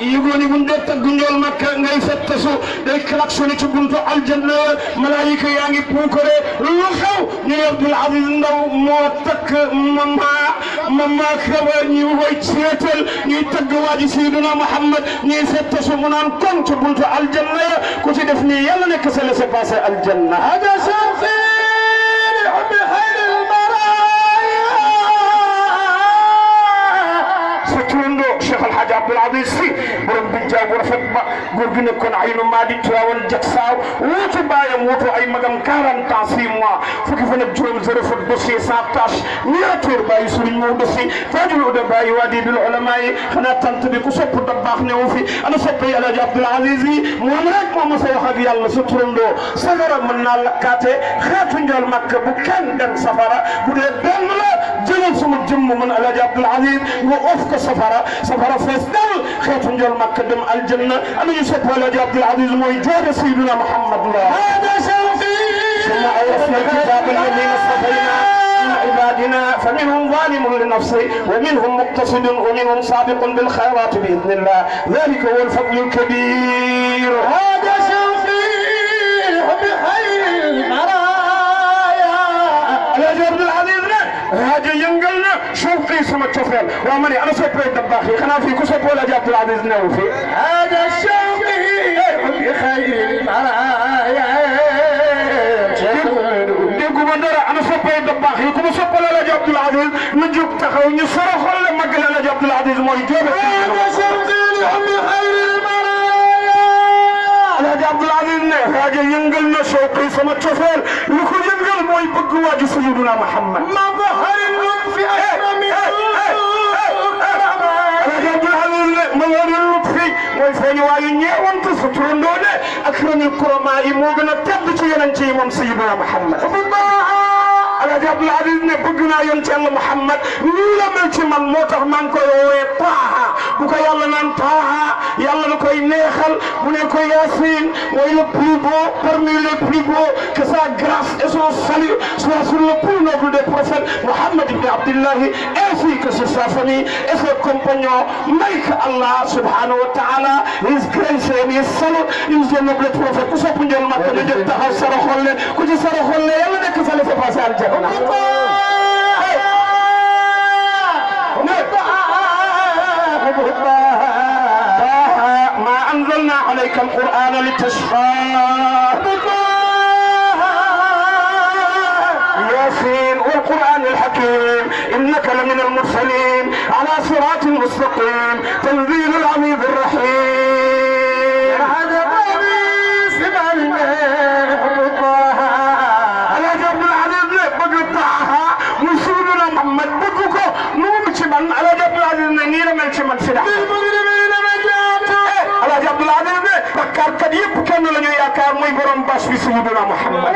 yigoni wonde taggugol makka ngay fettasu ɗay klaxone to ɗum to aljanna malaika yangi puukore lo xew ni abdoul asis ndaw mo takk mama mama kawa ñi woy ceetel ñuy tagg waaji seyduna mouhammad ñi fettasu mu naan kon to ɗum to aljanna ko ci def ni yalla nekk sa laissé passé aljanna hada safi Hadj Abdoul Aziz Sy borom bi ba góor gi nekkoon aynu maa di tuwaawoon jag saaw wuutu baayam wuutu ay magam 40 ans 6 mois fukki fan ak juróom zéro fukk dossier sans tâche miniature bàyyi suriñ moo dossier taajul uda bàyyi waa di bil ulama bi ku sopp da baax newu ana sopp yi Alaaji Abdoul Aziz yi moom rek moo mos a wax ak yàlla lakkaate xeetu njool màkk bu kenn safara bu dee benn la jëlal sama jëmm man El Hadj Abdoul Aziz nga of ko safara safara fees dal xeetu njool Makka dem aljanna ana ñu sopp El Hadj Abdoul Aziz mooy jooja Seydina Muhammad la ثم أورثنا الكتاب الذين اصطفينا من عبادنا فمنهم ظالم لنفسه ومنهم مقتصد ومنهم سابق بالخيرات بإذن الله ذلك هو الفضل الكبير هذا rajo yëngal na suuf kii sama cofeel waaw ma ne ana soppee da baax yi xanaa fii ku soppoo la Abdul Aziz newu fi hada shawqi bi xayril baraaya dégguma dara ana soppee da baax yi ku ma soppoo la Abdul Aziz nu jóg taxaw ñu soroxol la mag la Abdul Aziz mooy jóobe Alaaji Abdul Aziz ne rajo yëngal na suuf kii sama cofeel lu ko yëngal mooy waaju sayyiduna Muhammad ma zaharin lutfi akrami mooy feeñ waayu ñeewantu sa turandoo de akramil kuramaa yi moo gën a tedd ci yeneen ci moom sayyiduna Muhammad Alaaji Abdul Aziz ne bëgg naa yoon ci Yàlla Muhammad lii la mel ci man moo tax maa ngi koy woowee Taaha bu ko yàlla naan Taaha yàlla na koy neexal bu ne ko Yaasin mooy le plus beau parmi les plus beaux que sa grâce et son salut soient sur le plus noble des prophètes Muhammad ibn Abdillahi ainsi que sur sa famille et ses compagnons may ka Allah subhanahu wa taala his grace and his salute his noble prophète ku sopp njël Makka ñu jël taxaw saraxolle ku ci saraxolle yàlla nekk fale fa passé aljanna ما أنزلنا عليك القرآن لتشقى ياسين والقرآن الحكيم إنك لمن المرسلين على صراط مستقيم تنزيل العزيز الرحيم alaaji Abdoulaye Adama ne bakkaarkat yëpp kenn la ñu yaakaar muy borom bas bi sayyidina Muhammad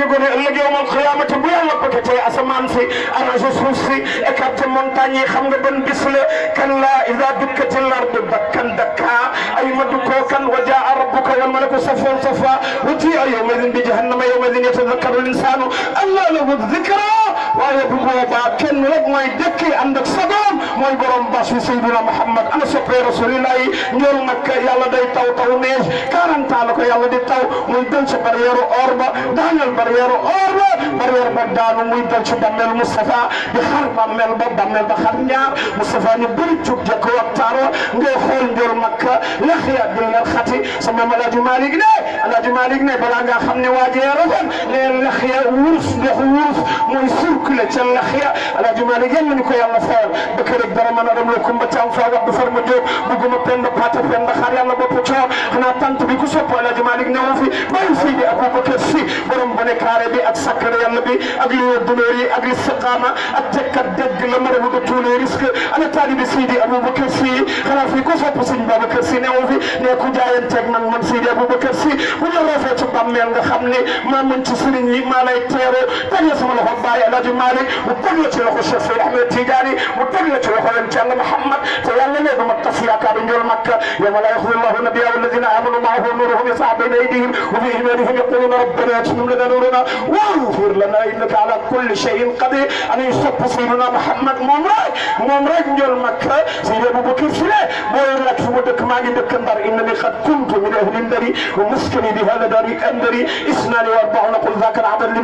yëgo ne ëllëg yowmal xiyaamati bu yàlla pakatee asamaan si arrangé suuf si écarté montagne yi xam nga ban bis la kallaa izaa dukkatil ardu dakkan dakkaa ay ma dukkoo kan wa jaa rabbuka wal malaku safan safa wuti a yawma idin bi jahannama yawma idin yatadakkaru l insaanu allaa lahu dikraa waaye bu boobaa kenn rek mooy jëkki ànd ak sagoom mooy borom bas bi Seydina Muhammad ana soppe rasulillah yi njël nag yàlla day taw taw neex 40 ans la ko yàlla di taw muy dal ci barrière or ba daaneel barrière or ba barrière ba daanu muy dal ci bammel Moustapha di xar bammel ba bammel ba xar ñaar Moustapha ñu bëri jug jëkk waxtaaro ngay xool njël nag Yaxya bin leen xati sama Alaaji Malick ne Alaaji Malick ne balaa nga xam ne waajee rafet leen Yaxya wurus ndox wurus mooy surk kulle jannah ya alaaji Maalik yal nañu ko yàlla fayal ba keroog dara mën a dem la Kumba Caam faaga bu farma Jóob buguma penda pata penda xar yàlla bopp coor xanaa tant bi ku sopp alaaji Maalik newu fi bàyyi Seydi Aboubacar Si borom bone kaare bi ak sakkar yàlla bi ak li douleur yi ak istiqaama ak tekkat dégg la mara bu tous les risques ana taalibi Seydi Aboubacar Si xanaa fii ku sopp Sëñ Babacar Si newu fi ne ku jaayanteeg man man Seydi Aboubacar Si bu la rafet ci bàmmeel nga xam ne maa mën ci sëriñ yi maa lay teeru tàgge sama loxo bàyyi alaaji Hadji Malick mu teg la ci loxo Cheikh Seydi Ahmed Tidiane mu teg la ci loxo yonent Yàlla Muhammad te yàlla ne dama tas yaakaar njool Makka yawma laa yaxzii Allaahu nabiyyaahu wallaziina aamanuu ma'ahu nuuruhum yas'aa bayna aydiihim wa bi aymaanihim yaquuluuna rabbanaa atim lanaa nuuranaa waghfir lanaa innaka alaa kulli shay'in qadiir anañ sopp Seydina Muhammad moom rek moom rek njool Makka Seydi Abubakar Sylla mooy laaj fu mu dëkk maa ngi dëkk Ndar innanii qad kuntu min ahli Ndari wa maskanii bi haadaa daari Ndari isnaani wa arba'uuna qul zaaka al-adad li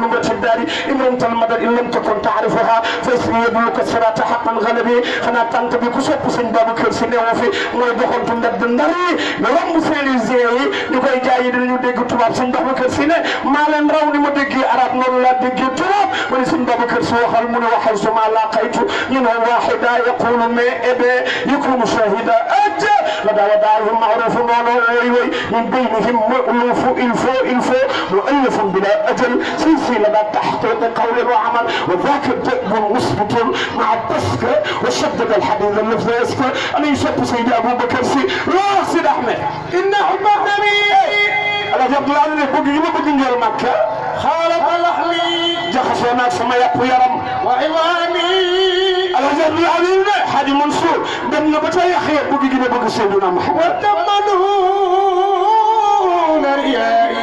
تكن تعرفها فاسمي يدلك الصراط حق الغلبي خنا تانت بي كو سوب سيغ بابكر سي نيو في موي دوخنتو ندد نداري لو رمب سيلي زيي نيكاي جاي دنيو ديغ توباب سيغ بابكر سي نه ما لن راو ني ما ديغي عرب نون لا ديغي توباب ولي سيغ بابكر سو خال من وحل سما لاقيت من واحدا يقول ما ابي يكرم شهيدا اج لدى وداره معروف نون وي وي من بينهم مؤلف الفو الفو مؤلف بلا اجل سلسله تحقيق قول وعمل وذاك الدأب والوصفة مع التسكة وشدد الحديد النفذ يسكى أنا يشد سيدي أبو بكر سي راس أحمد إن حبه نبي ala jàpp laa ne bëgg yi ma bëgg njëriñ ma kër. xaaral ma lax mi. jaxasoo naag sama yàpp yaram. wa iwaani. ala jàpp laa ne ne Xaadi Mansour dem na ba ca yàq ya bëgg gi ma bëgg Seydina Muhammad. wa tamanu.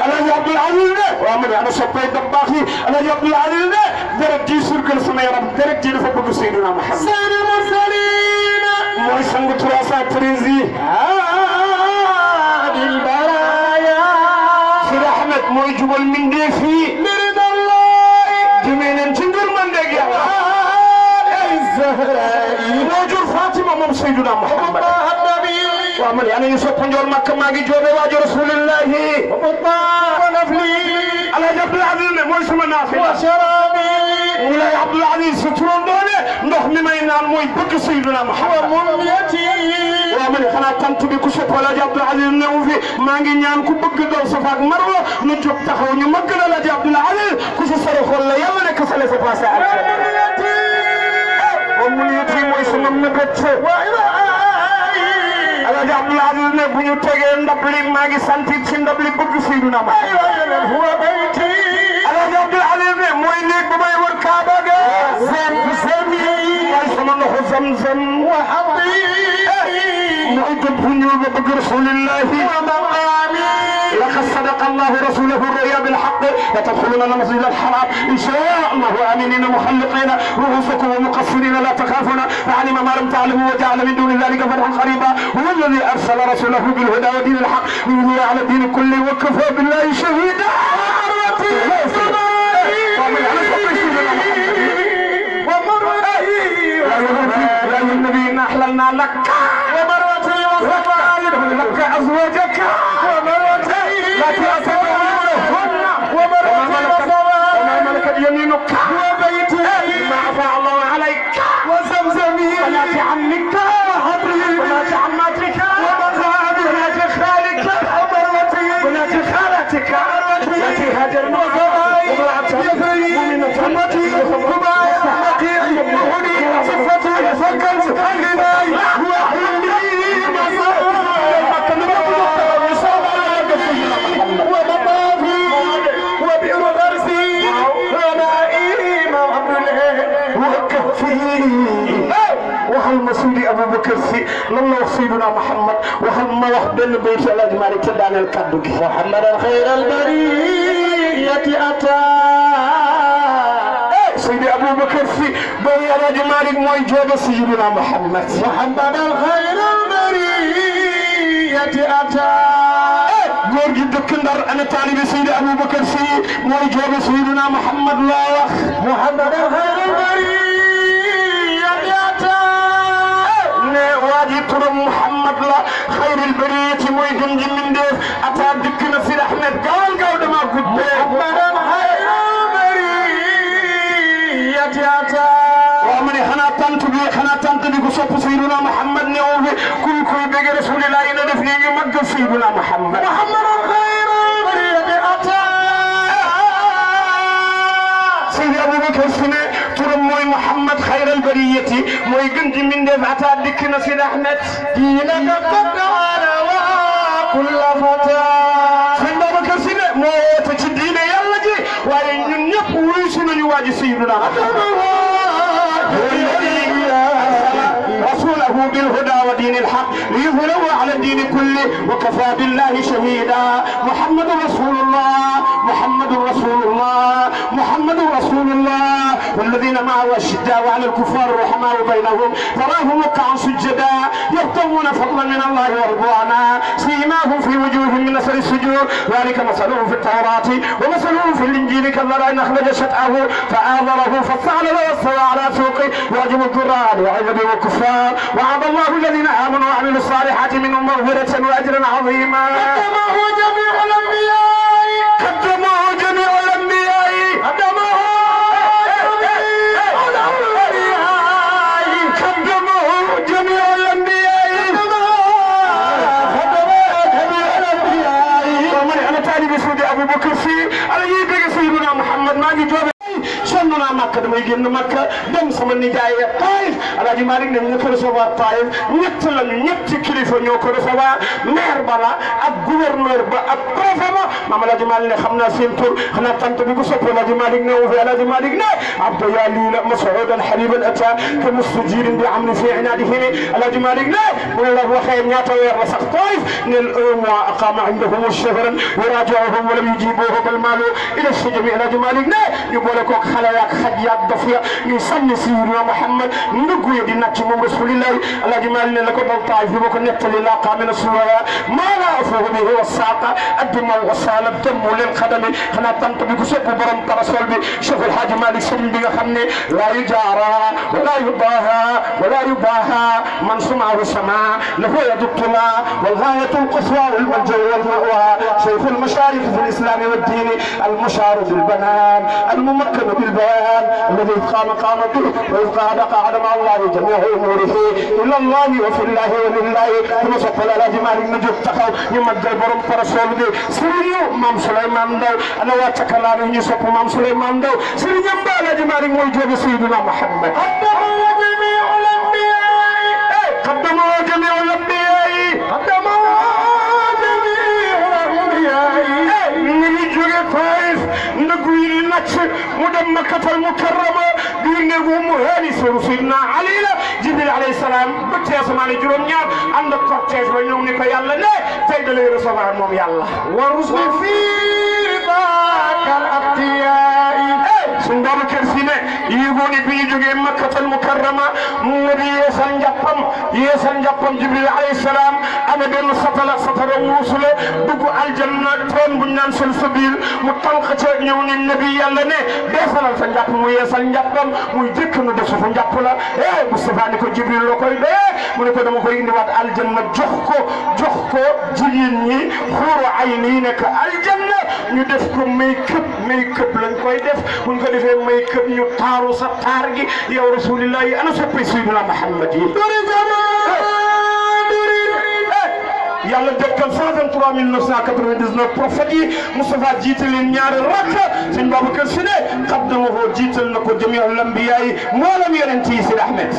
ala jàpp laa ne ne. waaw ma ne ana soppay dam baax yi ala jàpp laa ne ne. deret ji surgal sama yaram deret ji dafa bëgg Seydina Muhammad sana mursalina mooy sangu trois cent treize yi adil baraya si rahmat mooy jubal mindeef yi liridallahi jëmee leen ci ngir man dégg yàlla moo jur Fatima moom Seydina Muhammad waaw man ana ñu sopp njool makka maa ngi joobe waajo rasulillahi wa nafli alhaji abdul aziz ne mooy sama naafi wa sharabi wulay abdul aziz su turoon doone ndox mi may naan mooy bëgg sayyiduna muhammad wa mumyati waaw man xanaa tant bi ku sopp alhaji abdul aziz newu fi maa ngi ñaan ku bëgg daw safa ak marwa nu jóg taxaw ñu mëgg la alhaji abdul aziz ku si sori xool la yàlla nekk sa la sa passé ak wa mumyati mooy sama mëbët wa ila daanul ne bu ñu tegee ndab li maa ngi sant ci ndab li bëgg Seydina ma. waa bayti. Alaaji Abdul Alim ne mooy néeg bu may wër Kaaba ga. waaye sama ndoxu zam zam. wa وأجب هنيوب بك رسول الله لقد صدق الله رسوله الرؤيا بالحق لتدخلون المسجد الحرام ان شاء الله امنين محلقين رؤوسكم ومقصرين لا تخافون فعلم ما لم تعلموا وجعل من دون ذلك فتحا قريبا هو الذي ارسل رسوله بالهدى ودين الحق ليظهر على الدين كله وكفى بالله شهيدا ومرأي لا يغفر لا يغفر أحللنا لك لك أزواجك التي أسرهن وما ملكت يمينك وبيتك ما أفاء الله عليك وزمزمه صلاة عمك وحضره صلاة عماتك ومذهبه بنات خالك ومروته بنات خالتك التي هاجر معها وامرأة مؤمنة lii waxal ma Seydi Aboubacar Sy lan la wax Seydina Mouhamed waxal ma wax benn baytu El Hadj Malick ca daaneel kaddu gi. Mouhamadan xayral bariyati ataa. Seydi Aboubacar Sy bari El Hadj Malick mooy jooge Seydina Mouhamed. Mouhamadan xayral bariyati ataa. góor gi dëkk Ndar ana taalibe Seydi Aboubacar Sy mooy jooge Seydina Mouhamed laa wax. Mouhamadan ngeen ji mbindeef ataa dikk na si Ahmed gaawal gaaw dama guddee maanaam xaymaari yati ataa waaw ma ne xanaa tant bi xanaa tant bi ku sopp Seydina Mouhamed ne woo fi kuy kuy bëgg Rasulillah na def nii ñu màggal Seydina Mouhamed محمد خير البرية موي گندي من دفعتا ديك نسيد احمد دينك قد kulla fata sëñ Babacar Si ne moo woote ci diine yàlla ji waaye ñun ñëpp wuyu si nañu waa ji Sayyiduna رسوله بالهدى ودين الحق ليظهره على الدين كله وكفى بالله شهيدا محمد رسول الله محمد رسول الله محمد رسول الله والذين معه اشداء على الكفار رحمة السماء بينهم تراهم ركعا سجدا يبتغون فضلا من الله ورضوانا سيماهم في وجوههم من اثر السجود ذلك مثلهم في التوراة ومثلهم في الانجيل كالزرع اخرج شطأه فآذره فاستعلى واستوى على سوقه يعجب الضرار وعجب الكفار وعد الله الذين امنوا وعملوا الصالحات منهم مغفرة واجرا عظيما damay génn Makka dem sama nijaay ya Taïf Alaaji Malick ne ñu ko recevoir Taïf ñett lañu ñetti kilifa ñoo ko recevoir maire bala ak gouverneur ba ak préfet ba maam Alaaji Malick ne xam naa seen tur xanaa tant bi ko soppi Alaaji Malick ne wu fi Alaaji Malick ne abda yaa liila masoudan haliban ata ka mustajirin bi amni fi inadihi Alaaji Malick ne bu la waxee ñaata weer la sax Taïf ne un mois aqama indahum shahran wa rajaahum wa lam yujibuhu bal maalu ila sujumi Alaaji Malick ne ñu boole koog xale yaak xaj yaak dof ya ñuy sànni Sayyidina Muhammad ndëggu ya di nàcc moom rasulillahi alaaji maali ne la ko dal taaj bi ma ko nettali laaqa min suuraya maa laa afuuhu bihi wa saaqa addima wasaala demmu leen xadami xanaa tant bi ku sopp borom parasol bi Cheikh El Hadji Malick sëriñ bi nga xam ne laa yujaara wala yubaaha wala yubaaha man sumaahu samaa lahu yadu tulaa والغاية القصوى والملجأ والمأوى شيخ المشارف في الإسلام والدين المشار بالبنان الممكن بالبيان الذي قام قام به وإذ قعد قعد مع الله جميع أموره إلى الله وفي الله ولله ثم سقل على جمال النجوم تقوا يمد البرم فرسول دي سريو مام سليمان دو أنا واتكلا نهي سقو مام سليمان دو سريو مبالا جمال موجود سيدنا محمد قدموا جميع الأنبياء قدموا جميع الأنبياء guiri nacce mu dem makkatal mukarrama guirne gu mu heeni soro sidna ali la jibril alayhi salaam ba teesamaane juróom ñaar ànd ak cortège ba ñëw ni ko yàlla ne tey da lay recevoir moom yàlla wa rusli fii baakal abdi sëñ Babacar Si ne yéegoon it bi ñu jógee Makkatal Mukarrama mu di yeesal njàppam yeesal njàppam Jibril alayhi salaam ana benn satala satala wuusule dugg aljanna teen bu ñu naan salsabil mu tànq ca ñëw ni nabi yàlla ne deesalal sa njàpp mu yeesal njàppam muy jëkk nu def sa njàpp la eh Moustapha ni ko Jibril la koy dee mu ne ko dama koy indiwaat aljanna jox ko jox ko jigéen ñi xuuru ay nii nekk aljanna ñu def ko make up make up lañ koy def buñ ko def defee may këpp ñu taaru sa taar gi yow rasulillah yi ana soppay sayyidina Muhammad yi eh, yàlla dëkkal 123 999 prophètes yi Moustapha jiite leen ñaari rakk sëñ Babacar Si ne xaddamahu jiital na ko jamiu lambiya yi moolam yonent yi Sidi Ahmed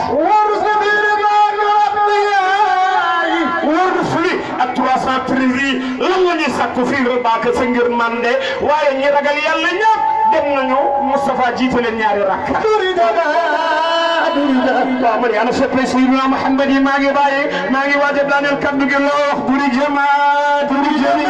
warusuli ak 313 yi lan la ñuy sàkku fii ba baaka sa ngir mande waaye ñi ragal yàlla ñëpp dem nañu Moustapha jiite leen ñaari rakk. waaw ma ne ana soppe Seydina Mouhamed yi maa ngi bàyyi maa ngi waaj a daaneel kaddu gi loo wax buri jëma buri jëmi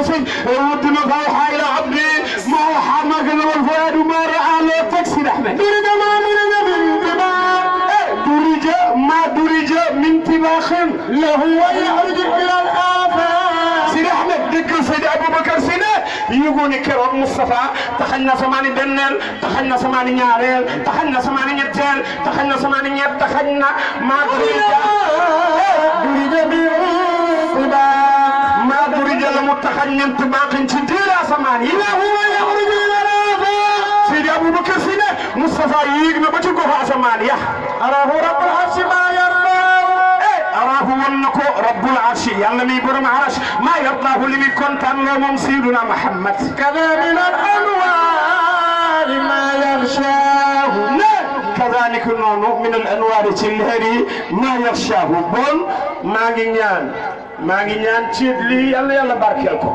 الحسن ود ما اوحى الى عبدي ما اوحى ما قال والفؤاد ما راى لا تكسر احمد درج ما درج من تباخ درج ما درج من تباخ له ويعرج الى الافاق سيد احمد ذكر سيد ابو بكر سنه yëgoo ne keroog Moustapha taxañ na sama ni benneel taxañ na sama ni ñaareel taxañ na sama ni ñetteel taxañ na sama ni ñett taxañ na maa متخيمت باقي تدير أسمان إلى هو يخرج إلى الأرض سيدي أبو بكر سيدي مصطفى يجنب تجوه أسمان يا أراه رب العرش ما يرى araahu eh, woon na ko rabbul arshi yàlla mi borom arash maa yardaahu li muy kontaan loo moom sayyiduna Muhammad kada min al anwaari maa yarshaahu ne kadaalika noonu min al anwaari ci leer yi maa yarshaahu bon maa ngi ñaan maa ngi ñaan ci lii yàlla yàlla barkeel ko